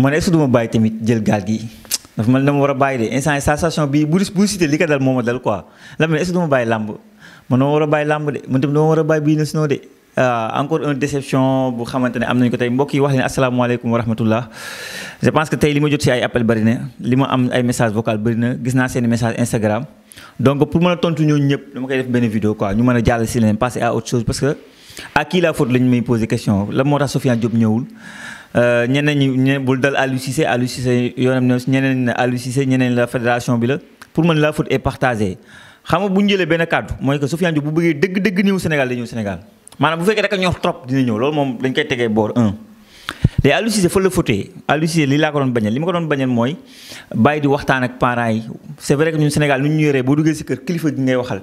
man est-ce que bàyyi tamit jël gaal gi dafa man dama war a bàyyi de instant sensation bu bu cité li ko dal moo ma dal quoi la mais ma war a bàyyi làmb de man tamit dama a bàyyi bii na sinoo de euh, encore une déception bu xamante ne am nañu ko tey mbokk yi wax leen asalaamaaleykum wa rahmatullah je pense tey li ma jot si ay appel bëri na li ma am ay message vocal bëri na gis naa seen Instagram donc pour koy def benn vidéo quoi ñu mën a jàll si leen passer à autre chose parce que à qui la faute lañ may poser question la moo tax Sofiane Diop ñëwul Euh, ñeneen ñi ñe bul dal Aliou Cissé Aliou Cissé yoonam ne ñeneen Aliou ñeneen la fédération bi la pour man la foot est partagé bu ñu jëlee benn kàddu mooy que Sofiane Diop bu bëggee dëgg dëgg ñëw Sénégal day ñëw Sénégal maanaam bu fekkee rek a ñor trop dina ñëw loolu moom dañ koy tegee boor un te Aliou Cissé la fotee Aliou li laa ko doon bañal li ma ko doon bañal mooy bàyyi di waxtaan ak parents yi c'est vrai que ñun nu ñu yoree boo duggee si kër kilifa gi ngay waxal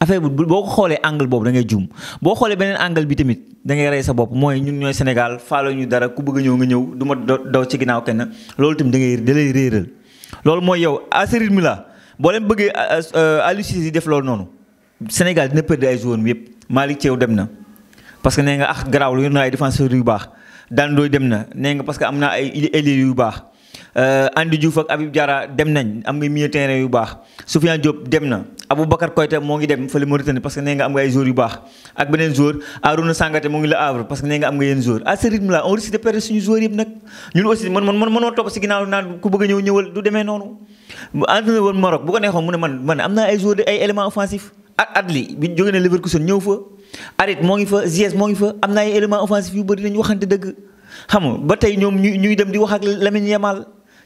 affaire bu boo ko xoolee angle boobu da ngay juum boo xoolee beneen angle bi tamit da ngay rey sa bopp mooy ñun ñooy Sénégal faalo ñu dara ku bëgg ñëw nga ñëw du ma daw ci ginnaaw kenn loolu tamit da ngay da lay réeral loolu mooy yow à ce rythme boo leen bëggee Aliou Cissé def loolu noonu Sénégal dina perdre ay joueurs yëpp Malick Thiaw dem na. parce que nee nga ah garaaw lu yor na ay défenseurs yu baax daan dooy dem na nee nga parce que am na ay ailier yu baax euh, Andy Diouf ak Habib Diarra dem nañ am nga milieu terrain yu baax Soufiane Diop dem na. Aboubacar Koyta moo ngi dem fële Mauritanie parce que nee nga am nga ay joueurs yu baax ak beneen joueur Arouna Sangaté moo ngi la Havre parce que nee nga am nga yenn joueurs à ce rythme là on risque de perdre suñu joueurs yëpp nag ñun aussi man man si ginnaaw naan ku bëgg a ñëw ñëwal noonu man man am naa ay joueurs ay éléments offensifs ak Adli bi jógee na Leverkusen ñëw fa Arit moo ngi fa Ziyech moo ngi fa am naa ay éléments offensifs yu bëri nañu waxante dëgg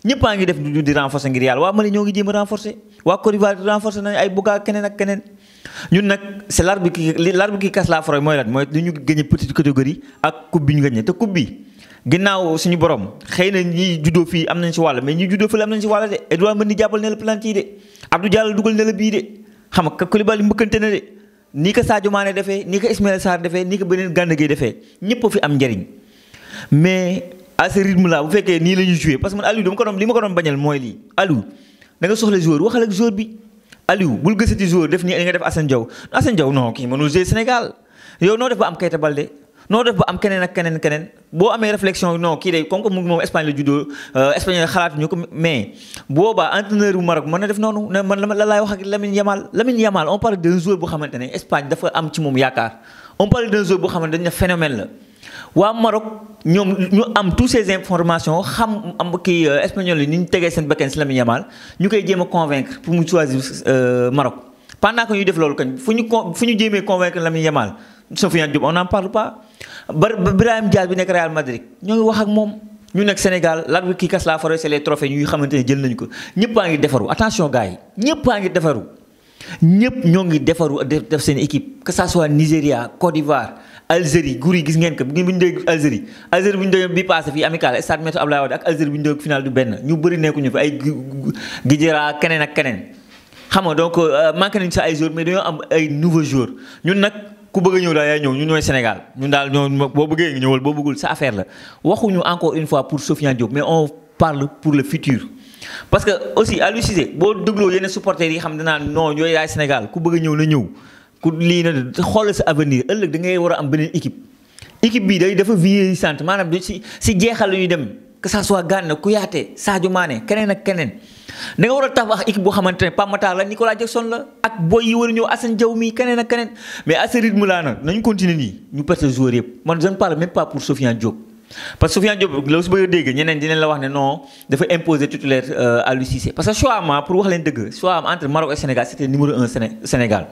ñëppaa ngi def du di renforcer ngir yàlla waa Mali ñoo ngi jéem a renforcer waa Côte d'Ivoire renforcer nañu ay buggaa keneen ak keneen ñun nag c'est l'arbre qui l'arbre qui casse la forêt mooy lan mooy li ñu gagné petite catégorie ak coupe bi ñu gagné te coupe bi suñu borom xëy na ñi juddoo fii am nañ si wàll mais ñu juddo fii am nañ si wàll de Edouard Mendy jàppal ne la plante yi de Abdou Diallo dugal ne la bii de xam nga Koulibaly mbëkkante na de nii k Sadio Mané defee nii ko nii beneen gànn gi defee ñëpp a am njariñ mais à ce rythme là bu fekkee nii la ñuy joué parce que man Aliou dama ko doon bañal mooy lii Aliou da soxla joueur waxal ak joueur bi Aliou bul gësati joueur def nii nga def Assane Diaw Assane Diaw non kii mënul joué Sénégal yow noo def ba am Keita Baldé noo def ba am keneen ak keneen keneen boo amee réflexion non kii day comme que moom Espagne la juddoo euh, Espagne xalaat ñu ko mais boobaa entraîneur bu Maroc mën na def noonu ne man la laay wax ak Lamine Yamal am ci moom yaakaar on la waa Maroc ñoom ñu am tous ces informations xam am kii euh, espagnol yi ni ñu tegee seen bakkan si Lamine Yamal ñu koy jéem a convaincre pour mu choisir euh, Maroc pendant que ñuy def loolu kañ fu ñu con fu ñu jéemee convaincre Lamine Yamal Sofiane Diop on n'en parle pas Brahim Diaz bi nekk Real Madrid ñoo ngi wax ak moom ñu nekk Sénégal l'arbitre qui casse la forêt c'est les trophées ñuy xamante ne jël nañu ko ñëpp a ngi defaru attention gars yi ñëpp a ngi defaru ñëpp ñoo ngi defaru def seen équipe que ça soit Nigéria Côte d'Ivoire Algérie gur yi gis ngeen ko bu ngeen bu ñu dégg Algérie Algérie bu ñu dégg bi passé fii amical stade Maître Abdoulaye Wade ak Algérie bu ñu dégg final du benn ñu bëri nekkuñu fi ay Guédiawaye keneen ak keneen xam nga donc euh, manqué nañu sa ay joueurs mais dañoo am ay nouveaux joueurs ñun nag ku bëgg a ñëw daal yaay ñëw ñun ñooy Sénégal ñun daal ñoo boo bëggee ñëwal boo bëggul sa affaire la waxuñu encore une fois pour Sofiane Diop mais on parle pour le futur. parce que aussi Aliou Cissé boo dégloo yenn supporters yi xam ne naan non yooyu yaay Sénégal ku bëgg a ñëw na ku lii na xoolal sa avenir ëllëg da war a am beneen équipe équipe bi day dafa sant maanaam du si si jeexal yu dem que ça soit Gana Kouyaté Sadio Mané keneen ak keneen da nga war a tabax équipe boo xamante ne Pape la Nicolas Jackson la ak boy yi war a ñëw Assane Diaw mi keneen ak keneen mais à ce rythme laa nag nañu continuer nii ñu perte joueur yëpp man je ne parle même pas pour Sofiane parce que Soufiane Diop la su bëgg a dégg ñeneen dinañ la wax ne non dafa imposer titulaire à euh, parce que choix am ah, pour wax leen dëgg choix am entre Maroc et Sénégal c'était numéro un Sénégal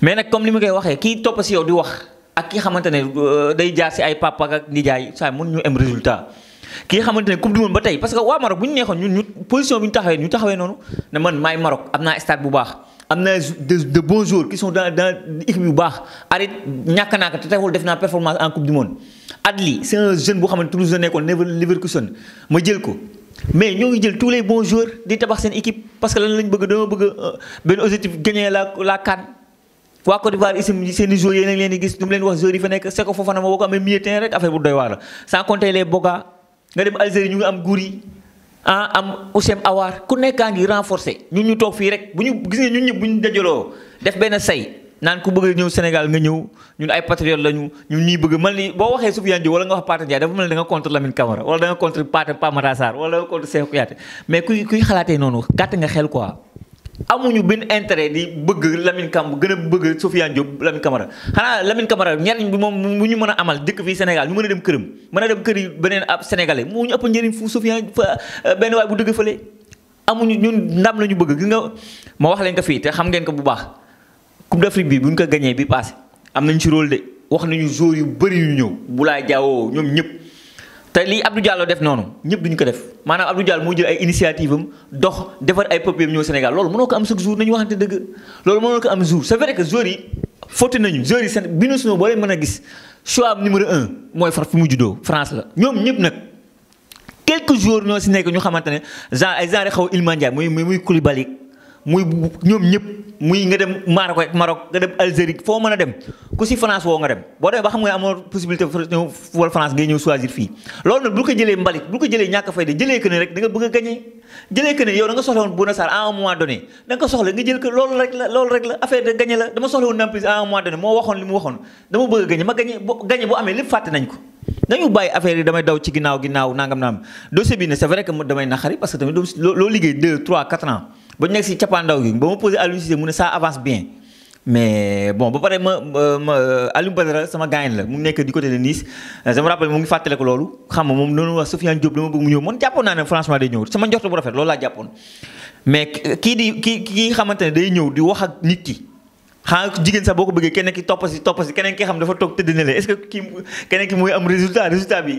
mais nag comme li ma koy waxee kii topp si yow di wax ak ki xamante euh, day jaar si ay papa ak nijaay saa mën ñu am résultat ki nga xamante du monde ba tey parce que waa Maroc bu ñu neexoon ñu position bi ñu taxawee ñu taxawee noonu ne man maay am na de bons joueurs qui sont dans dans équipe yu baax Harit ñàkk naa ko te teewul def naa performance en coupe du monde Adli c' est jeune boo xam ne Toulouse la nekkoon Leverkusen ma jël ko mais ñoo ngi jël tous les bons joueurs di tabax seen équipe parce que lan lañ bëgg dañoo bëgg euh, benn objectif gagner la la CAN waa Côte d'Ivoire isim seen i joueurs yéen a gis du leen wax joueurs yi fa nekk Seko Fofana ma boo ko amee milieu terrain rek affaire bu doy waar la sans compter ah am Ousseyn Awaar ku nekkaa ngi renforcer ñun ñu toog fii rek bu ñu gis nga ñun ñëpp bu ñu dajaloo def benn say naan ku bëgg ñëw Sénégal nga ñëw ñun ay patriote lañu ñun ñii bëgg man li boo waxee Soufiane Diop wala nga wax Pathé Ndiaye dafa mel ni da contre Lamine Camara wala da contre Pathé Pamara Sarr wala contre Cheikh Kouyaté mais kuy kuy xalaatee noonu gàtt nga xel quoi. amuñu benn intérêt di bëgg Lamine Kam gën a bëgg Sofiane Diop Lamine Camara xanaa Lamine Camara njariñ bi moom mu ñu mën a amal dëkk fii Sénégal ñu mën a dem këram mën a dem kër yi beneen ab sénégalais moo ñu ëpp njëriñ fu Sofiane fa euh, benn waay bu dëgg fële amuñu ñun ndam la ñu bëgg gis nga ma wax leen ko fii te xam ngeen ko bu baax Coupe d'Afrique bi bu ñu ko gañee bi passé am nañ ci rôle de wax nañu joueurs yu bëri yu ñëw bu Boulaye jaawoo ñoom ñëpp te lii Abdou Diallo def noonu ñëpp duñu ko def maanaam Abdou Diallo moo jël ay initiative am dox defar ay papiers am ñëw Sénégal loolu mënoo ko am chaque jour nañu waxante dëgg loolu mënoo ko am jour c'est vrai que joueurs yi fauté nañu joueurs yi seen binu suñu boo leen mën a gis choix am numéro un mooy far fi mu juddoo France la ñoom ñëpp nag quelques jours ñoo si nekk ñu xamante ne genre ay genre xaw Iliman Ndiaye muy muy Koulibaly muy ñoom ñëpp muy nga dem Maroc rek Maroc nga dem Algérie foo mën a dem ku si France woo nga dem boo demee ba xam nga amoo possibilité France ngay ñëw choisir fii loolu nag bu ko jëlee mbalit bu ko jëlee ñàkk fayda jëlee que ne rek da bëgg a gagné jëlee que ne yow da nga woon Bouna Sarr à un moment donné da soxla nga jël que loolu rek la loolu rek la affaire de gagné la dama soxla woon Nampalys à un moment donné moo waxoon li mu waxoon a ba ñu nekk si cappaandaw gi ba ma posé Aliou Cissé mu ne ça avance bien mais bon ba pare ma ma sama gaañ la mu nekk di côté de Nice je me rappelle mu ngi fàttale ko loolu xam nga moom noonu wax Sofiane Diop dama ñëw man jàppoon naa ne franchement day ñëw sama njort bu rafet loolu laa jàppoon mais kii di kii kii xamante ne day ñëw di wax ak nit ki xanaa jigéen sax boo ko bëggee keneen ki topp si topp si keneen ki xam dafa toog tëdd ne est-ce que kii keneen ki mooy am résultat résultat bi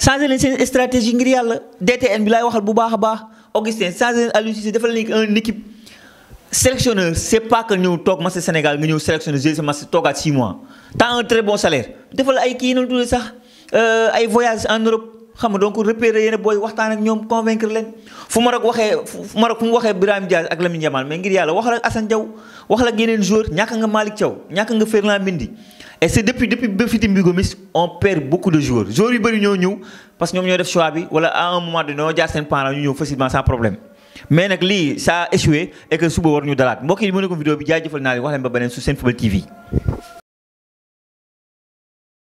changé leen seen stratégie ngir yàlla DTN bi laay waxal bu baax a baax Augustin changé leen Aliou Cissé dafa la nekk un équipe sélectionneur c'est ñëw toog match Sénégal nga ñëw sélectionné jouer sa match toogaat 6 mois t'as un très bon salaire defal ay kii na tuddee sax euh, ay voyage en Europe xam nga donc repérer yéen booy waxtaan ak ñoom convaincre leen fu Maroc waxee fu Maroc fu mu waxee Birame Diaz ak Lamine Yamal mais ngir yàlla wax ak Assane Diaw waxal la yeneen joueur ñàkk nga Malick Thiaw ñàkk nga Ferland Mendy et c' est depuis depuis Bafity Mbigomis on perd beaucoup de joueurs joueurs yu bëri ñoo ñëw parce que ñoom ñoo def choix bi wala à un moment donné ñoo jaar seen parents ñu ñëw facilement sans problème mais nag lii ça a échoué et suba war ñu dalaat mbokk yi mu nekkoon vidéo bi jaajëfal naa leen wax leen ba beneen su Senfootball TV.